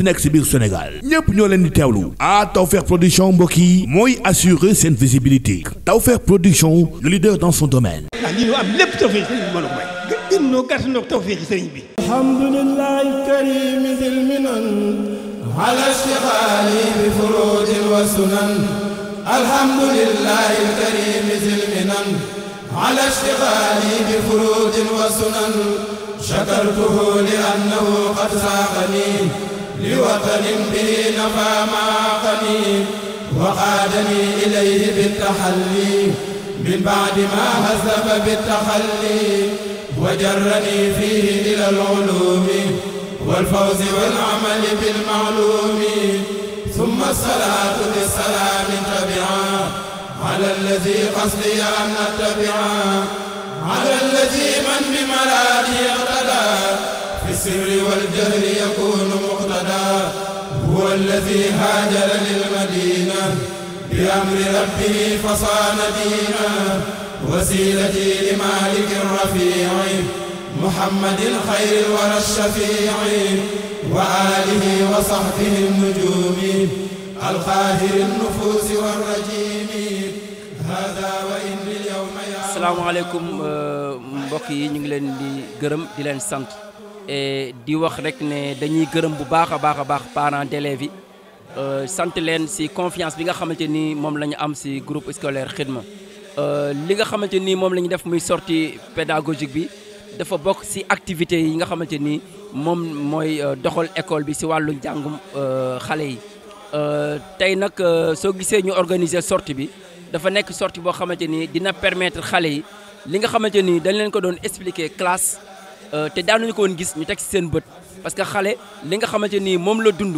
mënti nekk si biir Sénégal ñëpp ñoo leen di teewlu ah Tawfekh production mbokk yi mooy assurer seen visibilité Tawfekh production le leader dans son domaine. ah lii ñu am lépp Tawfekh sëriñ bi mën a may. gën ñoo gàtt ñoo Tawfekh sëriñ bi. alhamdulillahi karim dil minan ala istiqaali bi furudin wa sunan alhamdulillahi karim dil minan ala istiqaali bi furudin wa sunan shakartuhu li annahu qad saaqani لوطن به نفى ما قني وقادني إليه بالتحلي من بعد ما هزم بالتخلي وجرني فيه إلى العلوم والفوز والعمل بالمعلوم ثم الصلاة بالسلام تبعا على الذي قصدي أن أتبعا على الذي من بمرادي اقتدى في السر والجهل يكون لنا هو الذي هاجر للمدينة بأمر ربه فصان دينا وسيلتي لمالك الرفيع محمد خير الورى الشفيع وآله وصحبه النجوم القاهر النفوس والرجيم هذا وإن اليوم يا السلام عليكم mbokk yi ñu ngi leen di gërëm di leen sant Eh, di wax rek ne dañuy gërëm bu baax a baax a baax parents d'élèves yi euh, sant leen si confiance bi nga xamante ni moom la ñu am si groupe scolaire Xidma euh, li nga xamante ni moom la ñu def muy sortie pédagogique bi dafa bokk si activités yi nga xamante nii moom mooy euh, doxal école bi si wàllu njàngum xale yi tey nag soo gisee ñu organiser sorti bi dafa nekk sorti boo xamante ni dina permettre xale yi li nga xamante ni dañ leen ko doon expliquer classe Euh, te daanuñu ko woon gis ñu teg ci seen bët parce que xale li nga xamante nii moom la dund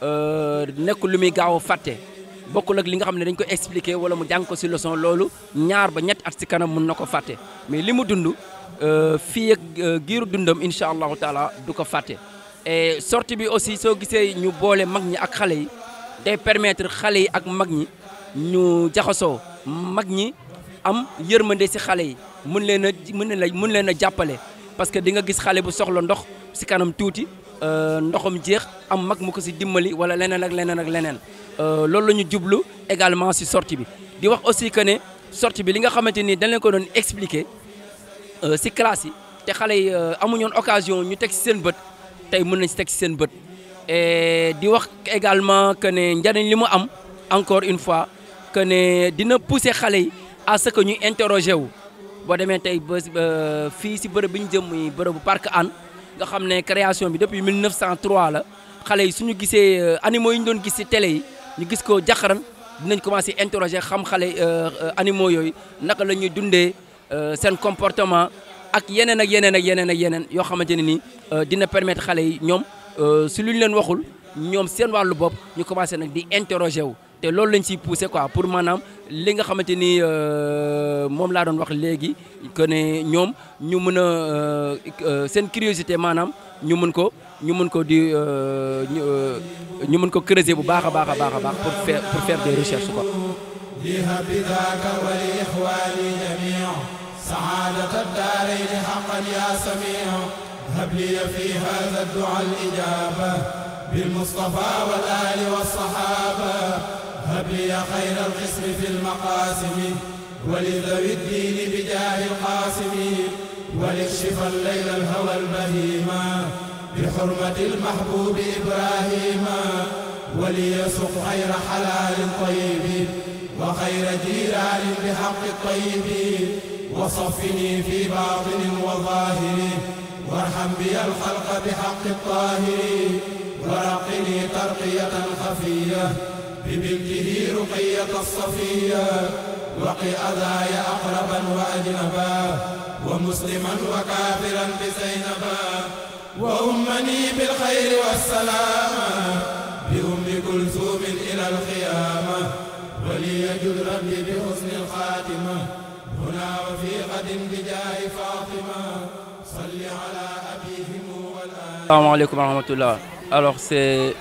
euh, nekk lu muy gaaw a fàtte bokkul ak li nga xam ne dañ ko expliquer wala mu jàng ko ci leçon loolu ñaar ba ñetti at ci kanam mun na ko fàtte mais li mu dund euh, fii ak giiru dundam incha allahu taala du ko fàtte. et sortie bi aussi soo gisee ñu boole mag ñi ak xale yi day permettre xale yi ak mag ñi ñu jaxasoo mag ñi am yërmande si xale yi mun leen a mun leen a mun leen a jàppale. parce que di nga gis xale bu soxla ndox si kanam tuuti euh, ndoxam jeex am mag mu ko si dimbali wala leneen ak leneen ak leneen euh, loolu la ñu jublu également si sorti bi di wax aussi que ne sortie bi li nga xamante ni dañ ko doon expliquer euh, si classe yi te xale yi amuñoon occasion ñu teg si seen bët tey mun nañ si teg si seen bët et di wax également que ne njariñ li mu am encore une fois que ne dina pousser xale yi à ce que ñuy interroger wu boo demee tey ba euh, fii si bërëb bi ñu jëm muy bërëbu parc Hann nga xam ne création bi depuis 1903 la xale yi suñu gisee euh, animaux yi ñu doon gis si télé yi ñu gis ko jaxaran dinañ commencé interroger xam xale euh, animaux yooyu naka la ñuy dundee seen comportement ak yeneen ak yeneen ak yeneen ak yeneen yoo xamante ne ni dina permettre xale yi ñoom si lu leen waxul ñoom seen wàllu bopp ñu commencé nag di interroger wu te loolu lañ siy poussé quoi pour maanaam li nga xamante ni euh, moom laa doon wax léegi que ne ñoom ñu mën a euh, euh, seen curiosité maanaam ñu mën ko ñu mën ko di ñu mën ko creuser bu baax a baax a baax a baax pour faire pour faire des recherches quoi. بالمصطفى والآل والصحابة هبلي خير القسم في المقاسم ولذوي الدين بجاه القاسم والاكشف الليل الهوى البهيما بحرمة المحبوب إبراهيم وليسق خير حلال طيب وخير جيران بحق الطيب وصفني في باطن وظاهر وارحم بي الخلق بحق الطاهر ورقني ترقية خفية بملكه رقية الصفية وقي أذايا أقربا وأجنبا ومسلما وكافرا بزينبا وأمني بالخير والسلامة بأم كلثوم إلى القيامة وليجد ربي بحسن الخاتمة هنا وفي غد بجاه فاطمة صل على أبيهم والآل السلام عليكم ورحمة الله Alors c'est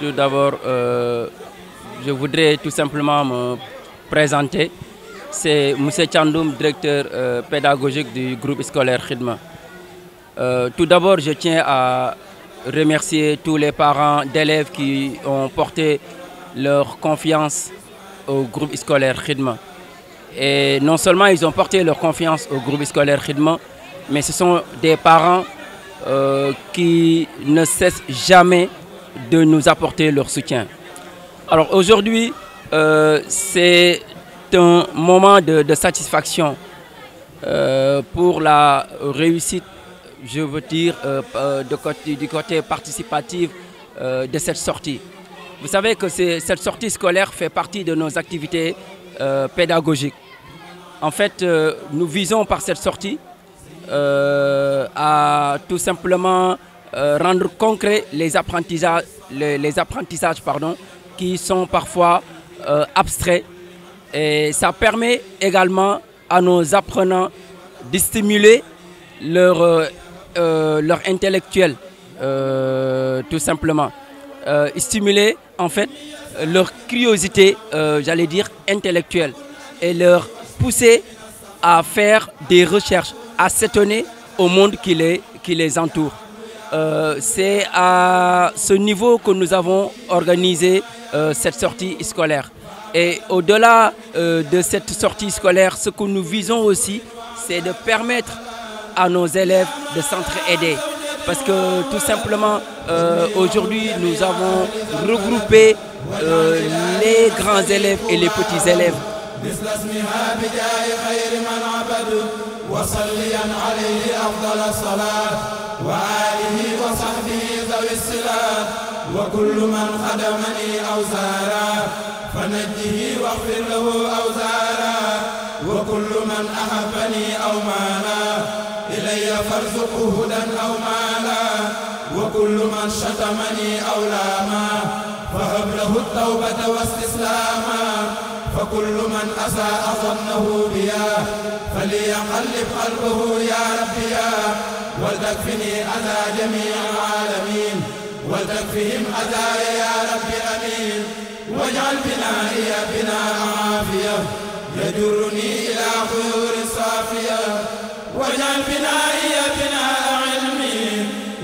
Tout d'abord, euh, je voudrais tout simplement me présenter. C'est Moussé Tchandoum, directeur euh, pédagogique du groupe scolaire Khidma. Euh, tout d'abord, je tiens à remercier tous les parents d'élèves qui ont porté leur confiance au groupe scolaire Khidma. Et non seulement ils ont porté leur confiance au groupe scolaire Khidma, mais ce sont des parents euh, qui ne cessent jamais de nous apporter leur soutien. Alors aujourd'hui, euh, c'est un moment de, de satisfaction euh, pour la réussite, je veux dire, euh, euh de côté, du côté participatif euh, de cette sortie. Vous savez que cette sortie scolaire fait partie de nos activités euh, pédagogiques. En fait, nous visons par cette sortie à tout simplement Euh, rendre concret les apprentissages, les, les apprentissages pardon, qui sont parfois euh, abstraits. Et ça permet également à nos apprenants de stimuler leur, euh, euh leur intellectuel, euh, tout simplement. Euh, stimuler, en fait, leur curiosité, j'allais dire, intellectuelle, et leur pousser à faire des recherches, à s'étonner au monde qui les, qui les entoure. Euh, c'est à ce niveau que nous avons organisé euh, cette sortie scolaire. Et au-delà euh, de cette sortie scolaire, ce que nous visons aussi, c'est de permettre à nos élèves de s'entraider. Parce que tout simplement, euh, aujourd'hui, nous avons regroupé euh, les grands élèves et les petits élèves. وآله وصحبه ذوي الصلات وكل من خدمني أوزارا فنجه واغفر له أوزارا وكل من أحبني أو مالا إلي فارزقه هدى أو مالا وكل من شتمني أو لاما فهب له التوبة واستسلاما فكل من أساء ظنه بيا فليقلب قلبه يا ربي يا ولتكفني أذى جميع العالمين ولتكفهم أذاي يا رب أمين واجعل بنائي بناء عافية يجرني إلى خيور صافية واجعل بنائي بناء علم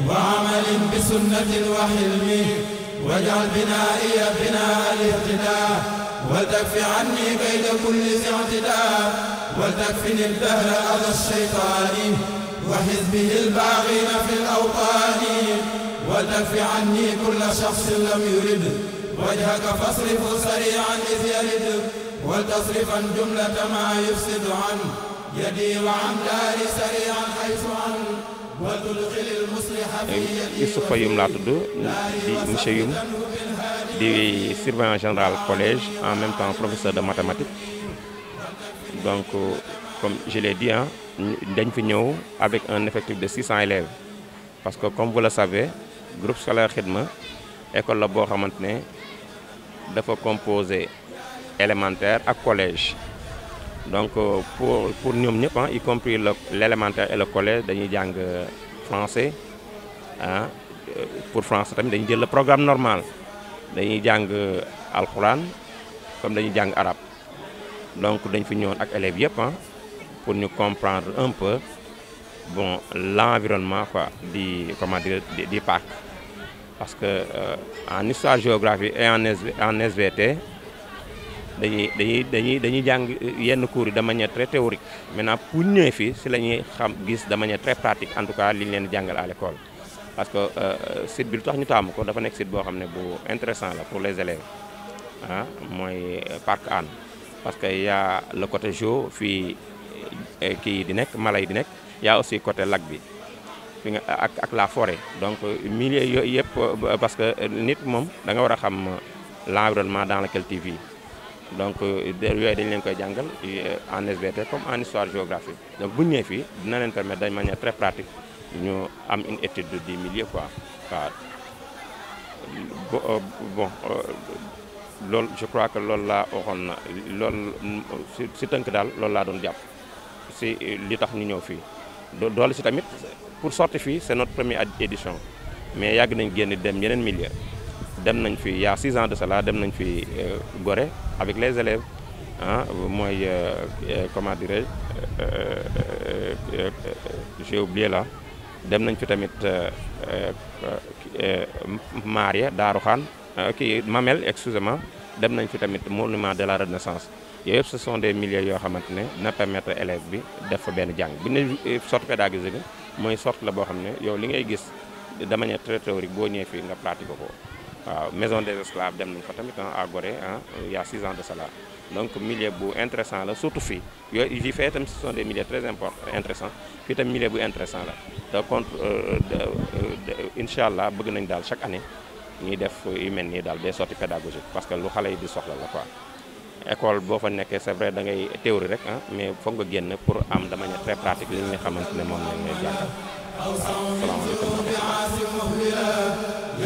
وعمل بسنة وحلم واجعل بنائي بناء الاهتداء ولتكف عني كيد كل ذي اعتداء ولتكفني الدهر أذى الشيطان وحزبه الباغين في الأوطان وتكف عني كل شخص لم يرد وجهك فاصرفه سريعا إذ يرد ولتصرفا جملة ما يفسد عن يدي وعن داري سريعا حيث عن وتدخل المصلح في يدي يوسف Youm laa tudd di monsieur Youm di surveillant général collège en même temps professeur de mathématiques donc comme je l'ai dit ah dañ fi ñëw avec un effectif de 600 élèves parce que comme vous le savez groupe scolaire Xidma école la boo xamante ne dafa composé élémentaire ak collège donc euh, pour pour ñoom ñëpp ah y compris le l'élémentaire et le collège dañuy jàng euh, français ah pour français tamit dañuy jël la programme normal dañuy jàng alxuraan comme dañuy jàng arab donc dañ fi ñëwoon ak élève yëpp pour ñu comprendre un peu bon l'environnement quoi du comment dire du parc parce que euh, en histoire géographie et en en SVT dañuy dañuy dañuy dañuy jàng yenn cours yi de manière très théorique maintenant pour ñëwee fii si la ñuy xam gis de manière très pratique en tout cas liñ leen jàngal à l'école parce que euh, euh, site bi lu tax ñu taamu ko dafa nekk site boo xam ne bu intéressant la pour les élèves ah, mooy parc Hann parce que y a le côté géo fii. Eh, eh, kii yi di nekk mala yi di nekk yaa aussi côté lag bi fi nga ak ak la forêt donc milieu yooyu yëpp parce que nit moom da nga war a xam euh, l'environnement dans lequel tu vis donc euh, yooyu dañ leen koy jàngal euh, en SVT comme en histoire géographie donc bu ñëwee fii dina leen permettre dañ manière très pratique ñu am une étude du milieu quoi waaw bon loolu je crois que loolu laa waxoon na loolu si tënk daal loolu laa doon jàpp si li tax ñu ñëw fii doole si tamit pour sortir fii c'est notre première édition mais yàgg nañ génn dem yeneen milieu dem nañ fi y a six ans de cela dem nañ fi euh, gore avec les élèves ah mooy euh, euh, comment dirais je j'ai oublié dem nañ fi tamit Maria Daaru Xaan kii Mamel excusez dem nañ fi tamit monument de la renaissance yooyu yëpp ce sont des milieux yoo xamante ne dina permettre élève bi def fa benn jàng bi ne euh, sorte pédagogique bi mooy sorte la boo xam ne yow li ngay gis de manière très théorique boo ñëwee fii nga pratiqué ko waaw maison des esclaves dem nañ fa tamit à Gorée ah il y a six ans de cela donc milieu bu intéressant la surtout fii yooyu yi fee itam ce de des milieux très important intéressant fii tam milieu bu intéressant la te contre euh, euh, incha allah bëgg nañ daal chaque année ñuy def yu mel nii daal des parce que lu yi di soxla la école boo fa nekkee c'est vrai da ngay théorie rek ah mais foog nga génn pour am de manière très pratique li nga xamante ne moom lañ lay jàngal waaw salaamaaleykum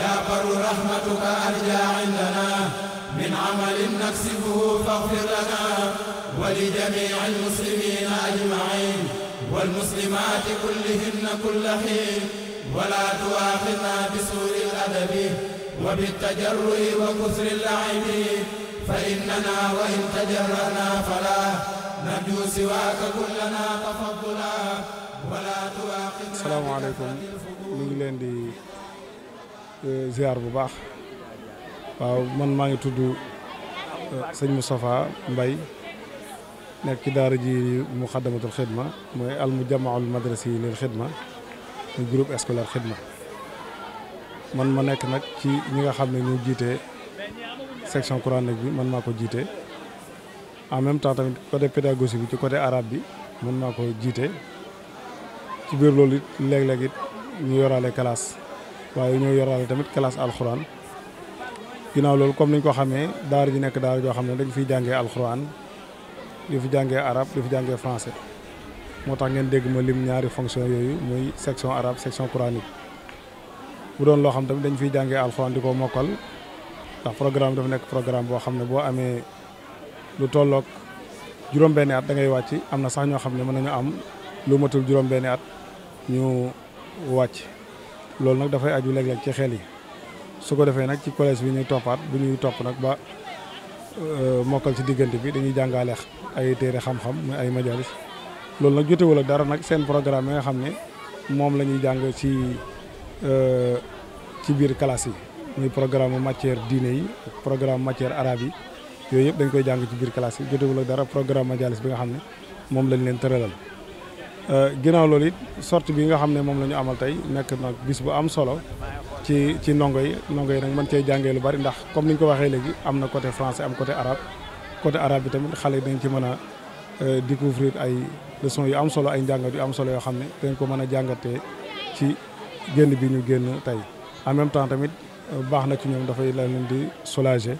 ya baru rahmatuka arja indana min amalin naksibuhu faghfir lana wa li jami'il muslimina ajma'in wal muslimati kullihinna kulla hin wa la tuakhidna bisu'il adabi wa bit tajarrui wa kusri al-la'ibi فإننا وإن تجرنا فلا نرجو سواك كلنا تفضلا ولا تواقبنا السلام عليكم ñu ngi leen di ziar bu baax waaw man maa ngi tudd sëñ Moustapha Mbay nekk ci daara ji Muxaddamatul Xidma mooy al mujammaul madrasi lil xidma muy groupe scolaire xidma man ma nekk nag ci ñi nga xam ne ñu jiite section coranique bi man maa ko jiite en même temps tamit côté pédagogique bi ci côté arabe bi man maa ko jiite ci biir loolu it léeg-léeg it ñu yoraale classe waaye ñoo yoraale tamit classe alxuraan ginnaaw loolu comme niñ ko xamee daara ji nekk daara joo xam ne dañ fiy jàngee alxuraan di fi jàngee arabe di fi jàngee français moo tax ngeen dégg ma lim ñaari fonction yooyu muy section arabe section coranique bu doon loo xam tamit dañ fiy jàngee alxuraan di ko mokkal ndax programme dafa nekk programme boo xam ne boo amee lu tollook juróom-benni at da ngay wàcc am na sax ñoo xam ne mën nañu am lu matul juróom-benni at ñu wàcc loolu nag dafay aju léeg-léeg ci xel yi su ko defee nag ci collège bi ñuy toppaat bu ñuy topp nag ba euh, mokkal ci diggante bi dañuy jàngale ay téere xam-xam muy ay majalis loolu nag jotewul ak dara nag seen programme yi nga xam ne moom la ñuy jàng ci euh, ci biir classe yi muy programme matière diine yi ak programme matière arabe yi yooyu yëpp dañ koy jàng ci biir classe yi jotewul ak dara programme majalis bi nga xam ne moom lañ leen tëralal euh, ginnaaw loolu it sorte bi nga xam ne moom la ñu amal tey nekk nag bis bu am solo ci ci ndongo yi ndongo yi nag mën cee jàngee lu bari ndax comme ni ñu ko waxee léegi am na côté français am côté arabe côté arabe bi tamit xale yi dañ ci mën a euh, découvrir ay leçons yu am solo ay njàngat yu am solo yoo xam ne dañ ko mën a jàngatee ci génn bi ñu génn tey en baax na ci ñoom dafay la leen di soulager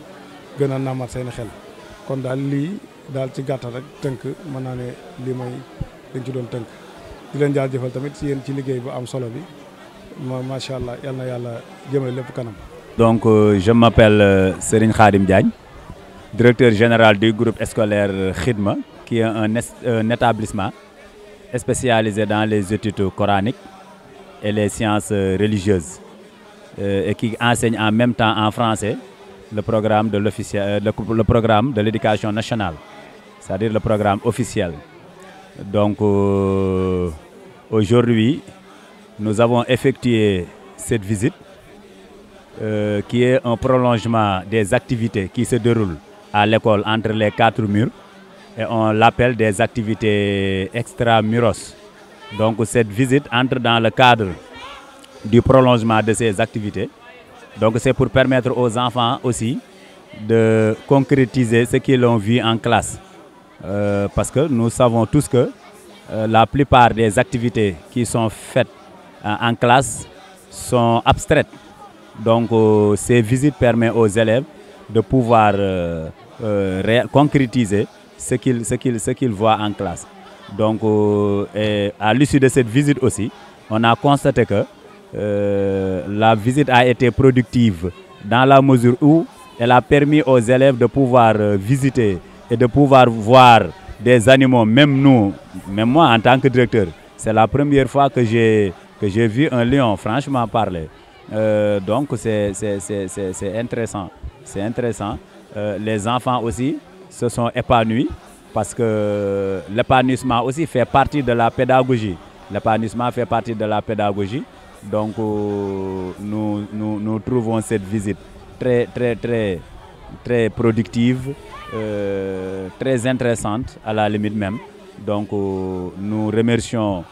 gën a nàmmat xel kon daal lii daal ci gàttal rek tënk mën naa ne lii mooy dañ doon tënk di leen jaajëfal tamit ci yéen ci liggéey bu am solo bi ma macha allah yal yàlla jëmale lépp kanam. donc euh, je m'appelle euh, Serigne Khadim Diagne directeur général du groupe scolaire Khidma qui est un, un établissement spécialisé dans les études coraniques et les sciences religieuses. Euh, et qui enseigne en même temps en français le programme de l'officiel, euh, le, le, programme de l'éducation nationale, c'est-à-dire le programme officiel. Donc euh, aujourd'hui, nous avons effectué cette visite euh, qui est un prolongement des activités qui se déroulent à l'école entre les quatre murs et on l'appelle des activités muros Donc cette visite entre dans le cadre du prolongement de ces activités. Donc c'est pour permettre aux enfants aussi de concrétiser ce qu'ils ont vu en classe. Euh, parce que nous savons tous que euh, la plupart des activités qui sont faites euh, en classe sont abstraites. Donc euh, ces visites permettent aux élèves de pouvoir euh, euh, concrétiser ce qu'ils qu qu voient en classe. Donc et à l'issue de cette visite aussi, on a constaté que Euh, la visite a été productive dans la mesure où elle a permis aux élèves de pouvoir euh, visiter et de pouvoir voir des animaux, même nous, même moi en tant que directeur. C'est la première fois que j'ai que j'ai vu un lion, franchement parler. Euh, donc c'est intéressant, c'est intéressant. Euh, les enfants aussi se sont épanouis parce que l'épanouissement aussi fait partie de la pédagogie. L'épanouissement fait partie de la pédagogie. Donc euh, nous, nous, nous, trouvons cette visite très, très, très, très productive, euh, très intéressante à la limite même. Donc euh, nous remercions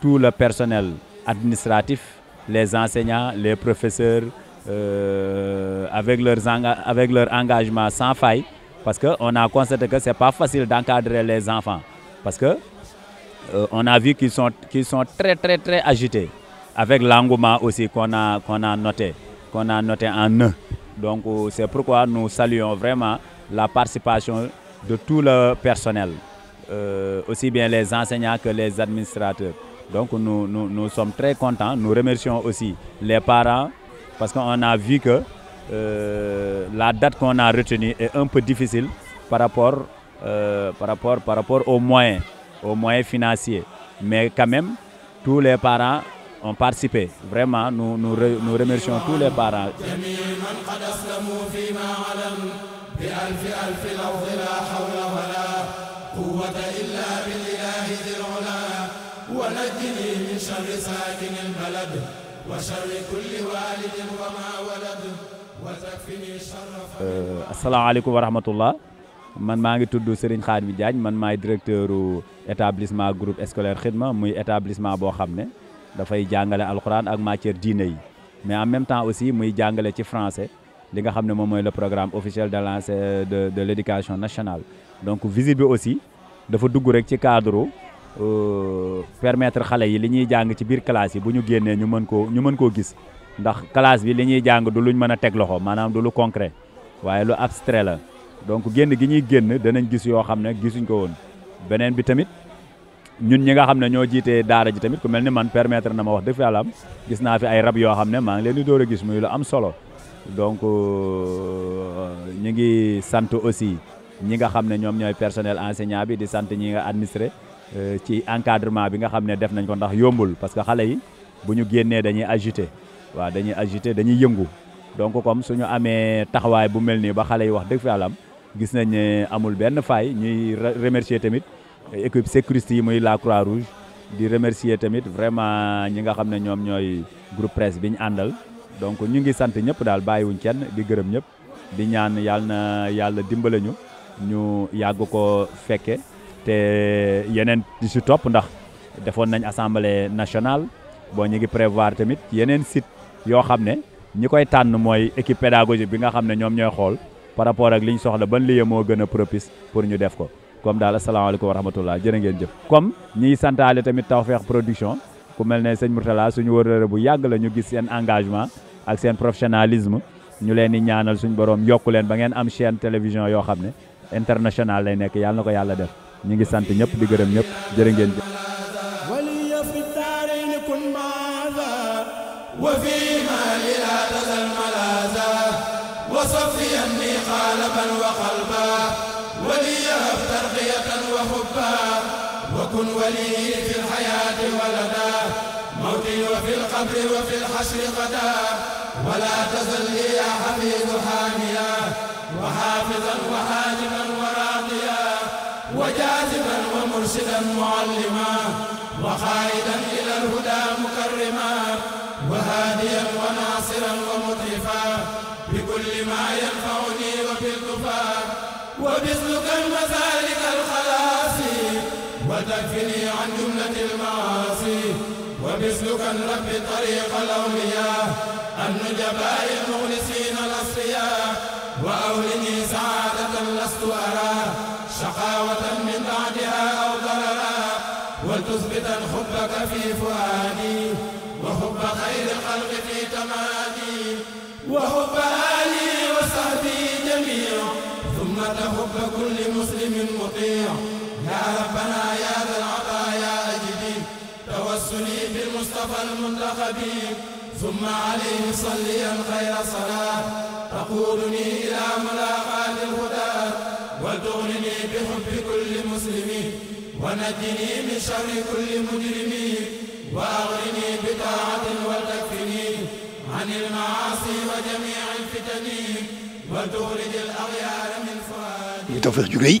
tout le personnels administratif, les enseignants, les professeurs, euh, avec, leurs avec leur engagement sans faille, parce qu'on a constaté que ce pas facile d'encadrer les enfants, parce que euh, on a vu qu'ils sont, qu'ils sont très, très, très agités. avec l'engouement aussi qu'on a, qu'on noté, qu'on a noté en eux. Donc c'est pourquoi nu saluons vraiment la participation de tout le personnel, euh, aussi bien les enseignants que les administrateurs. Donc nu nous, nous, sommes très contents. Nous remercions aussi les parents parce qu'on a vu que euh, la date qu'on a retenue est un peu difficile par rapport, euh, par rapport, par rapport aux moyens, aux moyens financiers. Mais quand même, tous les parents on participé. Vraiment, nous, nous, re, nous remercions tous les parents. Euh, asalaamaaleykum wa rahmatullah man maa ngi tudd Serigne Khadim Diagne man maay directeur établissement group scolaire Khidma muy établissement boo xam ne dafay jàngale alxuraan ak matière diine yi mais en même temps aussi muy jàngale ci français li nga xam ne moom mooy le programme officiel de l' e de de l' éducation nationale. donc visite bi aussi dafa dugg rek ci cadre euh, permettre xale yi li ñuy jàng ci biir classe yi bu ñu génnee ñu mën koo ñu mën koo gis ndax classe bi li ñuy jàng du luñ mën a teg loxo maanaam du lu concret waaye lu abstrait la donc génn gi ñuy génn danañ gis yoo xam ne gisuñ ko woon beneen bi tamit. ñun ñi nga xam ne ñoo jiitee daara ji tamit ku mel ni man permettre na ma wax dëgg fa yàlla gis naa fi ay rab yoo xam ne maa ngi leen di door gis muy lu am solo donc euh, ñu ngi sant aussi ñi nga xam ne ñoom ñooy personnel enseignant bi di sant ñi nga administré euh, ci encadrement bi nga xam ne def nañ ko ndax yombul parce que xale yi bu ñu génnee dañuy agité waaw dañuy agité dañuy yëngu donc comme suñu amee taxawaay bu mel nii ba xale yi wax dëgg fa yàlla gis nañ ne amul benn faay ñuy remercier tamit équipe sécuriste yi muy la croix rouge di remercier tamit vraiment ñi nga xam ne ñoom ñooy groupe presse bi ñu àndal donc ñu ngi sant ñëpp daal bàyyiwuñ kenn di gërëm ñëpp di ñaan yàlla na yàlla dimbale ñu ñu yàgg ko fekke te yeneen di si topp ndax defoon nañ assemblée nationale boo ñu ngi prévoir tamit yeneen site yoo xam ne ñi koy tànn mooy équipe pédagogique bi nga xam ne ñoom ñooy xool par rapport ak li ñu soxla ban lieu moo gën a propice pour ñu def ko comme daal asalaamaaleykum wa rahmatullah jërë ngeen jëf comme ñiy santaale tamit Tawfekh Production ku mel ne sëñ Mourtala suñu wërëre bu yàgg la ñu gis seen engagement ak seen professionnalisme ñu leen di ñaanal suñu boroom yokku leen ba ngeen am chaîne télévision yoo xam ne international lay nekk yàlla ko yàlla def ñu ngi sant ñëpp di gërëm ñëpp jërë ngeen jëf وفيما لا تزل ملاذا وصفيا لي قالبا وقلبا kun wali fi lxayaati walada mawti wa fi lxabri wa fi lxasri xada wala tazal li ya xafidu xaamiya wa xaafidan wa xaadiman wa raadiya wa jaaziban wa mursidan muallima wa xaayidan ila alhuda mukarrima wa haadiyan wa naasiran wa mutrifa bi kulli ma yanfauni wa bi ltufa wa bisluka almasaalika وتكفني عن جملة المعاصي ومثلك الرب طريق الأولياء النجباء المخلصين الأصفياء وأولني سعادة لست أرى شقاوة من بعدها أو ضررا ولتثبتا حبك في فؤادي وحب خير الخلق في تمادي وحب آلي وصحبي جميع ثم تحب كل مسلم مطيع مصطفى المنتخب ثم عليه صليا خير صلاة تقودني إلى ملاقاة الهدى وتغنني بحب كل مسلم ونجني من شر كل مجرم وأغنني بطاعة وتكفني عن المعاصي وجميع الفتن وتخرج الأغيار من فؤادي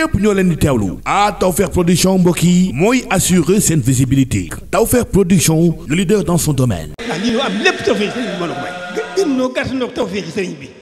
ñëpp ñoo leen di teewlu ah Tawfekh production mbokk yi mooy assurer seen visibilité Tawfekh production le leader dans son domaine. ndax ah, lii ñu am lépp Tawfekh sëriñ bi mën a may. bi.